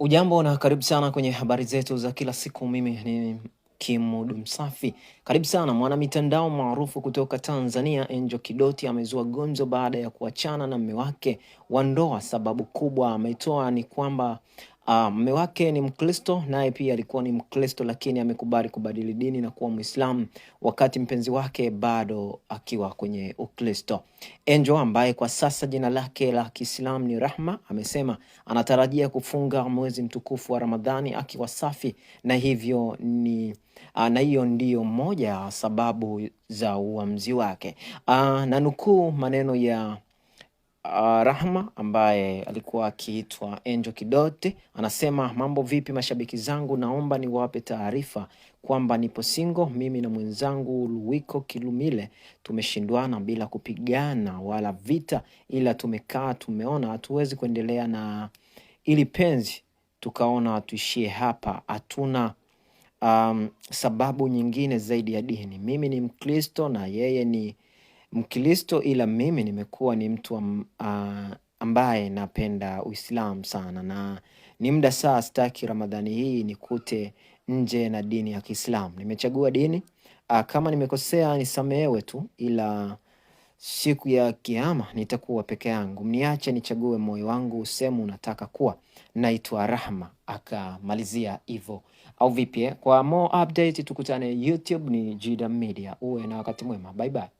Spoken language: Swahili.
Ujambo na karibu sana kwenye habari zetu za kila siku. Mimi ni Kimudu Msafi. Karibu sana. Mwanamitandao maarufu kutoka Tanzania Angel Kidoti amezua gonzo baada ya kuachana na mme wake wa ndoa. Sababu kubwa ametoa ni kwamba Ah, mume um, wake ni Mkristo naye pia alikuwa ni Mkristo, lakini amekubali kubadili dini na kuwa Mwislamu wakati mpenzi wake bado akiwa kwenye Ukristo. enjo ambaye kwa sasa jina lake la Kiislamu ni Rahma amesema anatarajia kufunga mwezi mtukufu wa Ramadhani akiwa safi, na hivyo ni ah, na hiyo ndiyo moja ya sababu za uamuzi wake. Uh, na nukuu maneno ya Uh, Rahma ambaye alikuwa akiitwa Angel Kidote anasema mambo vipi, mashabiki zangu, naomba niwape taarifa kwamba nipo single. Mimi na mwenzangu Luwiko Kilumile tumeshindwana bila kupigana wala vita, ila tumekaa tumeona hatuwezi kuendelea na ili penzi, tukaona tuishie hapa, hatuna um, sababu nyingine zaidi ya dini. Mimi ni Mkristo na yeye ni Mkristo ila mimi nimekuwa ni mtu am, uh, ambaye napenda Uislamu sana, na ni muda saa sitaki Ramadhani hii nikute nje na dini ya Kiislamu. Nimechagua dini uh, kama nimekosea nisamehewe tu, ila siku ya Kiama nitakuwa peke yangu. Mniache nichague moyo wangu usemu unataka kuwa. Naitwa Rahma, akamalizia hivyo au vipi? Eh? Kwa more update tukutane YouTube, ni Jida Media. Uwe na wakati mwema, bye bye.